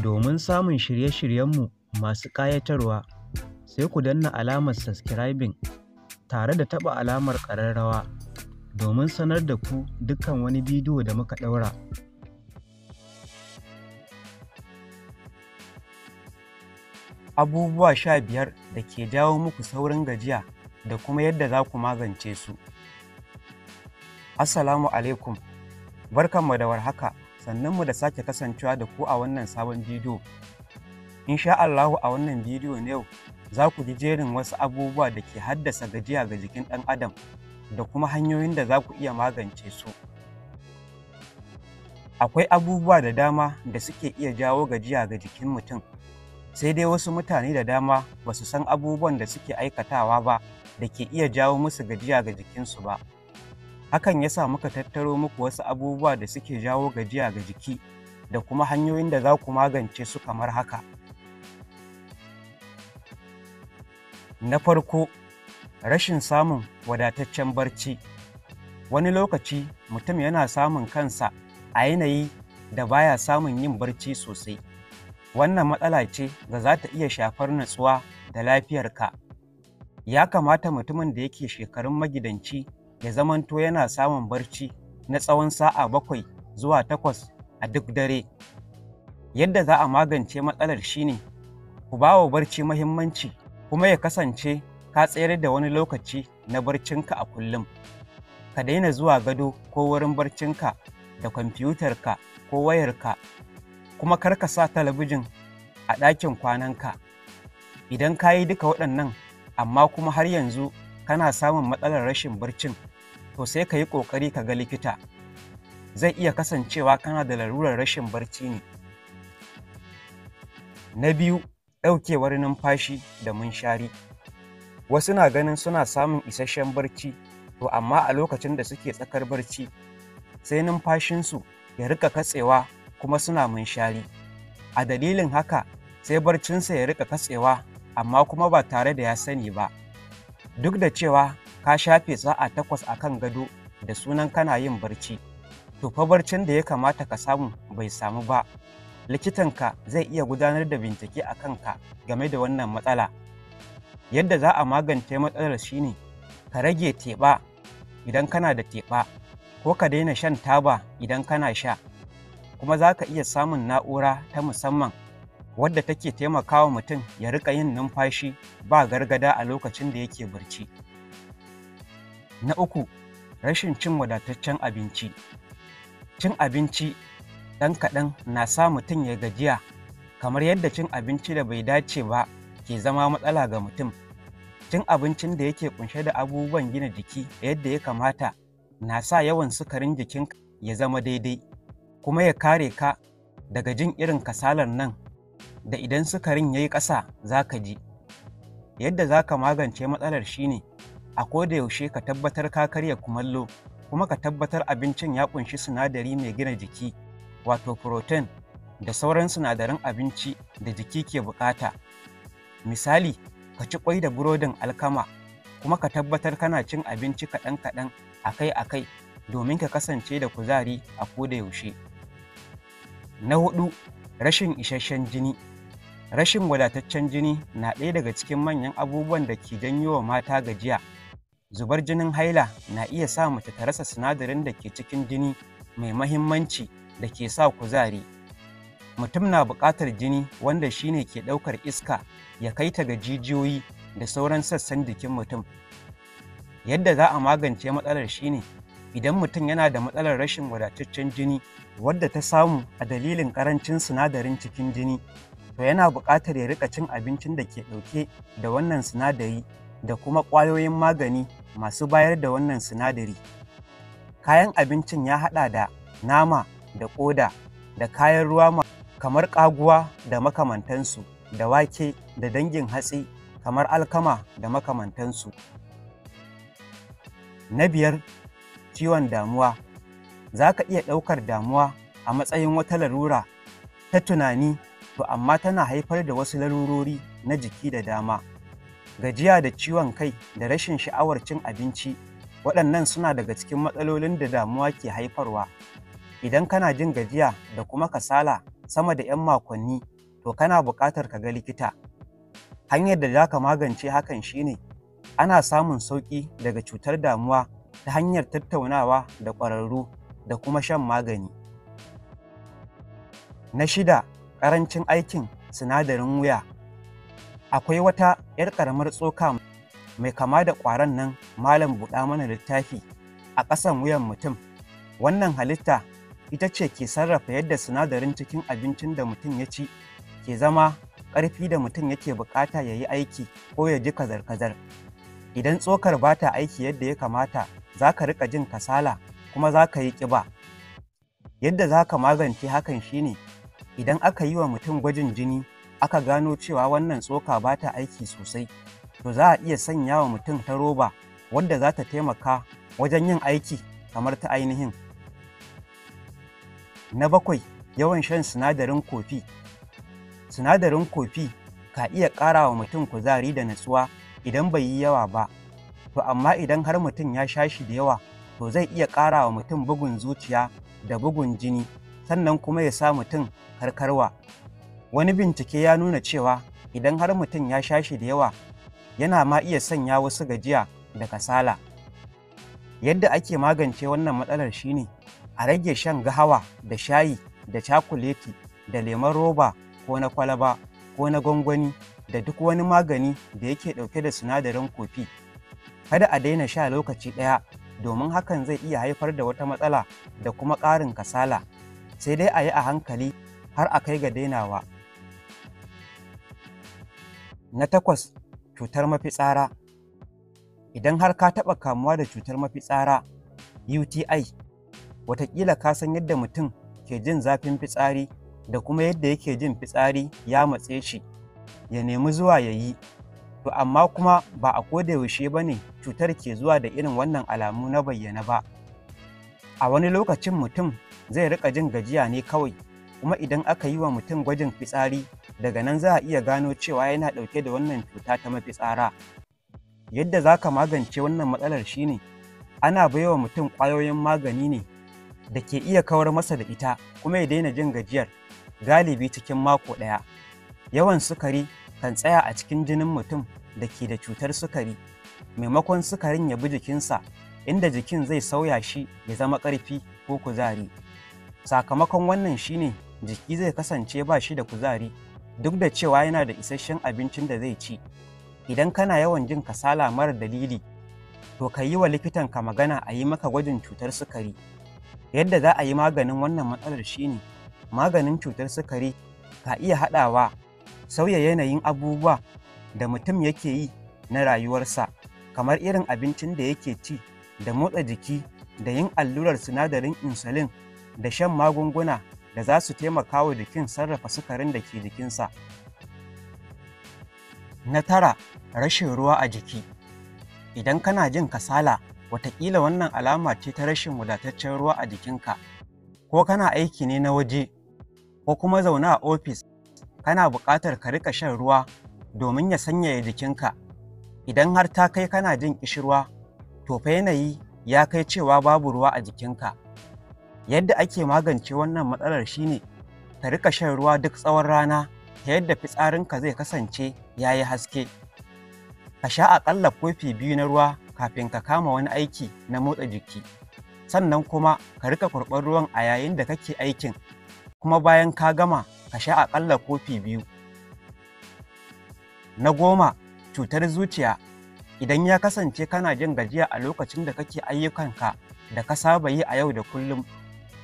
Domin samun shirye-shiryenmu masu ƙayatarwa, sai ku danna alamar subscribing tare da taɓa alamar ƙararrawa domin sanar da ku dukkan wani bidiyo da muka ɗaura. Abubuwa sha biyar da ke jawo muku saurin gajiya da kuma yadda za ku magance su. Assalamu alaikum, barkanmu da warhaka. sannan mu da sake kasancewa da ku a wannan sabon bidiyo. Insha Allahu a wannan bidiyo na yau za ku ji jerin wasu abubuwa da ke haddasa gajiya ga jikin ɗan adam da kuma hanyoyin da za ku iya magance su. Akwai abubuwa da dama da suke iya jawo gajiya ga jikin mutum, sai dai wasu mutane da dama ba su san abubuwan da suke aikatawa ba da ke iya jawo musu gajiya ga jikinsu ba. Hakan ya sa muka tattaro muku wasu abubuwa da suke jawo gajiya ga jiki da kuma hanyoyin da za ku magance su kamar haka. Na farko, rashin samun wadataccen barci. Wani lokaci mutum yana samun kansa a yanayi da baya samun yin barci sosai. Wannan matsala ce da za ta iya shafar natsuwa da lafiyarka. Ya kamata mutumin da yake shekarun magidanci ya zamanto yana samun barci na tsawon sa'a bakwai zuwa takwas a duk dare. Yadda za a magance matsalar shine ku ba wa barci mahimmanci kuma ya kasance ka tsayar da wani lokaci na barcinka a kullum. Ka daina zuwa gado ko wurin barcinka da kwamfutarka ko wayarka kuma kar ka sa talabijin a ɗakin kwananka. Idan ka yi duka waɗannan amma kuma har yanzu kana samun matsalar rashin barcin to sai ka yi ƙoƙari ka ga likita zai iya kasancewa kana da larurar rashin barci ne na biyu ɗaukewar numfashi da munshari wasu na ganin suna samun isasshen barci to amma a lokacin da suke tsakar barci sai numfashinsu ya rika katsewa kuma suna munshari a dalilin haka sai barcinsa ya rika katsewa amma kuma ba tare da ya sani ba duk da cewa ka shafe sa'a takwas a kan gado da sunan kana yin barci to fa barcin da ya kamata ka samu bai samu ba likitanka zai iya gudanar da bincike a kanka game da wannan matsala yadda za a magance matsalar shine ka rage teɓa idan kana da teɓa ko ka daina shan taba idan kana sha kuma za ka iya samun na'ura ta musamman wadda take taimakawa mutum ya rika yin numfashi ba gargada a lokacin da yake barci. Na uku, rashin cin wadataccen abinci. Cin abinci ɗan kaɗan na sa mutum ya gajiya kamar yadda cin abinci da bai dace ba ke zama matsala ga mutum. Cin abincin da yake kunshe da abubuwan gina jiki yadda ya kamata na sa yawan sukarin jikin ya zama daidai kuma ya kare ka daga jin irin kasalar nan da idan sukarin ya yi ƙasa za ka ji. Yadda za ka magance matsalar shine a koda yaushe ka tabbatar ka karya kumallo kuma ka tabbatar abincin ya kunshi sinadari mai gina jiki wato protein da sauran sinadaran abinci da jiki ke bukata misali ka ci kwai da burodin alkama kuma ka tabbatar kana cin abinci kaɗan-kaɗan akai-akai domin ka kasance da kuzari a koda yaushe na hudu rashin isasshen jini rashin wadataccen jini na ɗaya daga cikin manyan abubuwan da ke janyo wa mata gajiya zubar jinin haila na iya sa mace ta rasa sinadarin da ke cikin jini mai mahimmanci da ke sa kuzari mutum na buƙatar jini wanda shi ne ke ɗaukar iska ya kai ta ga jijiyoyi da sauran sassan jikin mutum yadda za a magance matsalar shi ne idan mutum yana da matsalar rashin wadataccen jini wadda ta samu a dalilin ƙarancin sinadarin cikin jini to yana buƙatar ya riƙa cin abincin da ke ɗauke da wannan sinadari da kuma ƙwayoyin magani masu bayar da wannan sinadari. Kayan abincin ya haɗa da nama da ƙoda da kayan ruwa kamar ƙaguwa da makamantansu da wake da dangin hatsi kamar alkama da makamantansu. Na biyar ciwon damuwa za ka iya ɗaukar damuwa a matsayin wata larura ta tunani to amma tana haifar da wasu larurori na jiki da dama. gajiya da ciwon kai da rashin sha'awar cin abinci waɗannan suna daga cikin matsalolin da damuwa ke haifarwa idan kana jin gajiya da kuma kasala sama da 'yan makonni to kana buƙatar ka ga likita hanyar da za ka magance hakan shine ana samun sauƙi daga cutar damuwa ta hanyar tattaunawa da ƙwararru da kuma shan magani na shida ƙarancin aikin sinadarin wuya akwai wata 'yar ƙaramar tsoka mai kama da ƙwaron nan malam buɗa mana littafi a ƙasan wuyan mutum wannan halitta ita ce ke sarrafa yadda sinadarin cikin abincin da mutum ya ci ke zama ƙarfi da mutum yake buƙata ya yi aiki ko ya ji kazar-kazar idan tsokar ba ta aiki yadda ya kamata za ka riƙa jin kasala kuma za ka yi ƙiba yadda za ka magance hakan shine idan aka yi wa mutum gwajin jini aka gano cewa wannan tsoka ba ta aiki sosai to za a iya sanya wa mutum ta roba wadda za ta taimaka wajen yin aiki kamar ta ainihin na bakwai yawan shan sinadarin kofi sinadarin kofi ka iya ƙara wa mutum kuzari da natsuwa idan bai yi yawa ba to amma idan har mutum ya sha shi da yawa to zai iya ƙara wa mutum bugun zuciya da bugun jini sannan kuma ya sa mutum karkarwa wani bincike ya nuna cewa idan har mutum ya sha shi da yawa yana ma iya sanya wasu gajiya da kasala yadda ake magance wannan matsalar shine a rage shan gahawa da shayi da cakuleti da lemon roba ko na kwalaba ko na gwangwani da duk wani magani da yake ɗauke da sinadarin kofi kada a daina sha lokaci ɗaya domin hakan zai iya haifar da wata matsala da kuma ƙarin kasala sai dai a yi a hankali har a kai ga dainawa Na takwas, cutar mafitsara. Idan har ka taɓa kamuwa da cutar mafitsara UTI, watakila ka san yadda mutum ke jin zafin fitsari da kuma yadda yake jin fitsari ya matse shi, ya nemi zuwa ya yi. To amma kuma ba a koda yaushe ba ne cutar ke zuwa da irin wannan alamu na bayyana ba. A wani lokacin mutum zai riƙa jin gajiya ne kawai, kuma idan aka yi wa mutum gwajin fitsari daga nan za a iya gano cewa yana ɗauke da wannan cuta ta mafi tsara. yadda za ka magance wannan matsalar shine ana baiwa mutum ƙwayoyin magani ne da ke iya kawar masa da ita kuma ya daina jin gajiyar galibi cikin mako ɗaya yawan sukari kan tsaya a cikin jinin mutum da ke da cutar sukari maimakon sukarin ya bi jikinsa inda jikin zai sauya shi ya zama ƙarfi ko kuzari sakamakon wannan shine jiki zai kasance ba shi da kuzari duk da cewa yana da isasshen abincin da zai ci idan kana yawan jin kasala mara dalili to ka yi wa likitanka magana a yi maka gwajin cutar sukari yadda za a yi maganin wannan matsalar shine maganin cutar sukari ka iya haɗawa sauya yanayin abubuwa da mutum yake yi na rayuwarsa kamar irin abincin da yake ci da motsa jiki da yin allurar sinadarin insulin da shan magunguna da za su taimaka wa jikin sarrafa sukarin da ke jikinsa. Na tara, rashin ruwa a jiki. Idan kana jin kasala, wataƙila wannan alama ce ta rashin wadataccen ruwa a jikinka, ko kana aiki ne na waje, ko kuma zaune a ofis, kana buƙatar ka riƙa shan ruwa domin ya sanyaya jikinka. Idan har ta kai kana jin ƙishirwa, to fa yanayi ya kai cewa babu ruwa a jikinka. yadda ake magance wannan matsalar shine ka rika shan ruwa duk tsawon rana ta yadda fitsarinka zai kasance ya yi haske ka sha aƙalla kofi biyu na ruwa kafin ka kama wani aiki na motsa jiki sannan kuma ka rika kurɓar ruwan a yayin da kake aikin kuma bayan ka gama ka sha aƙalla kofi biyu na goma cutar zuciya idan ya kasance kana jin gajiya a lokacin da kake ayyukanka da ka saba yi a yau da kullum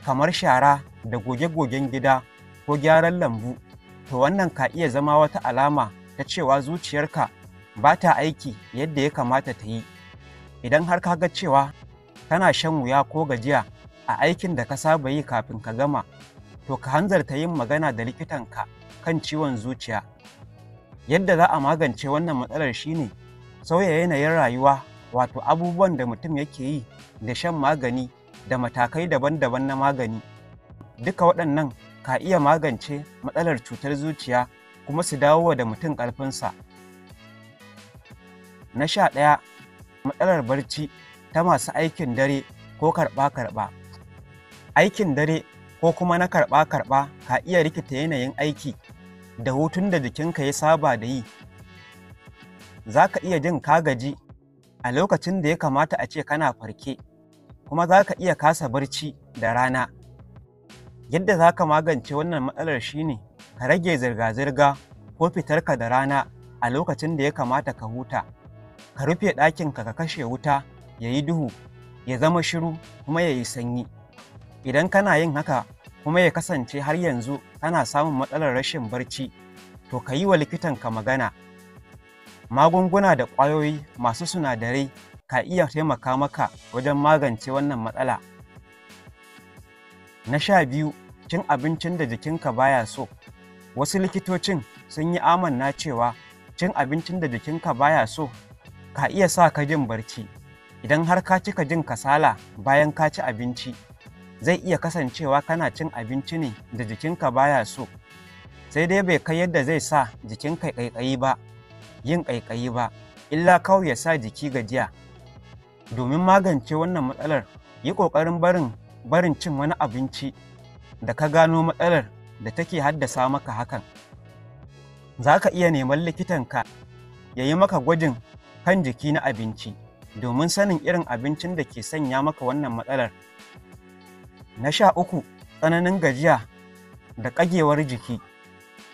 kamar shara da goge-gogen gida ko gyaran lambu, to wannan ka iya zama wata alama ta cewa zuciyarka ba ta aiki yadda ya kamata ta yi. Idan har ka ga cewa kana shan wuya ko gajiya a aikin da ka saba yi kafin ka gama, to ka hanzarta yin magana da likitanka kan ciwon zuciya. Yadda za a magance wannan matsalar shine sauya yanayin rayuwa wato abubuwan da mutum yake yi da shan magani da matakai daban-daban na magani duka waɗannan ka iya magance matsalar cutar zuciya kuma su dawo da mutum ƙarfinsa na sha ɗaya matsalar barci ta masu aikin dare ko karɓa-karɓa aikin dare ko kuma na karɓa-karɓa ka iya rikita yanayin aiki da hutun da jikinka ya saba da yi za ka iya jin ka gaji a lokacin da ya kamata a ce kana farke. kuma za ka iya kasa barci da rana yadda za ka magance wannan matsalar shine ka rage zirga-zirga ko fitarka da rana a lokacin da ya kamata ka huta ka rufe ɗakinka ka kashe wuta ya yi duhu ya zama shiru kuma ya yi sanyi idan kana yin haka kuma ya kasance har yanzu kana samun matsalar rashin barci to ka yi wa likitanka magana magunguna da ƙwayoyi masu sinadarai ka iya taimaka maka wajen magance wannan matsala. Na sha biyu, cin abincin da jikinka baya so. Wasu likitocin sun yi amanna cewa cin abincin da jikinka baya so ka iya sa ka jin barci. Idan har ka cika jin kasala bayan ka ci abinci, zai iya kasancewa kana cin abinci ne da jikinka baya so. Sai dai bai kai yadda zai sa jikinka ƙaiƙayi ba, yin ƙaiƙayi ba, illa kawai ya sa jiki gajiya domin magance wannan matsalar yi ƙoƙarin barin barin cin wani abinci da ka gano matsalar da take haddasa maka hakan za ka iya neman likitanka ya yi maka gwajin kan jiki na abinci domin sanin irin abincin da ke sanya maka wannan matsalar na sha uku tsananin gajiya da ƙagewar jiki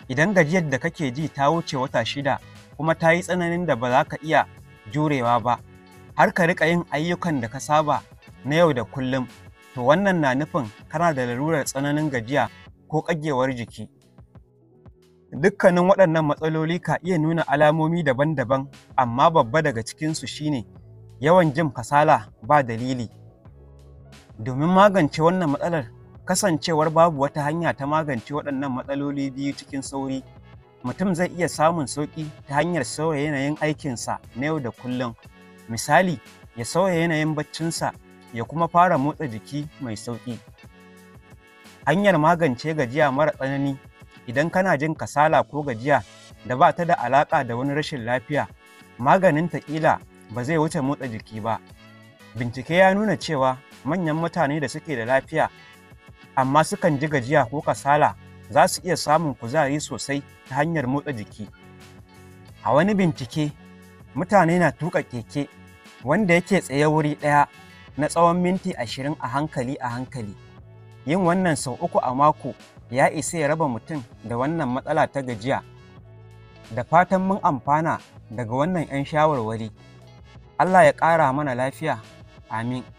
idan gajiyar da kake ji ta wuce wata shida kuma ta yi tsananin da ba za ka iya jurewa ba har ka riƙa yin ayyukan da ka saba na yau da kullum to wannan na nufin kana da lalurar tsananin gajiya ko ƙagewar jiki dukkanin waɗannan matsaloli ka iya nuna alamomi daban-daban amma babba daga cikinsu shine yawan jin kasala ba dalili domin magance wannan matsalar kasancewar babu wata hanya ta magance waɗannan matsaloli biyu cikin sauri mutum zai iya samun sauƙi ta hanyar sauya yanayin aikinsa na yau da kullum Misali, ya sauya yanayin baccinsa ya kuma fara motsa jiki mai sauƙi. Hanyar magance gajiya mara tsanani idan kana jin kasala ko gajiya da ba ta da alaƙa da wani rashin lafiya, maganin taƙila ba zai wuce motsa jiki ba. Bincike ya nuna cewa manyan mutane da suke da lafiya amma sukan ji gajiya ko kasala za su iya samun kuzari sosai ta hanyar motsa jiki. A wani bincike, mutane na tuƙa keke wanda yake tsaye wuri ɗaya na tsawon minti ashirin a hankali a hankali yin wannan sau uku a mako ya isa ya raba mutum da wannan matsala ta gajiya da fatan mun amfana daga wannan 'yan shawarwari allah ya ƙara mana lafiya amin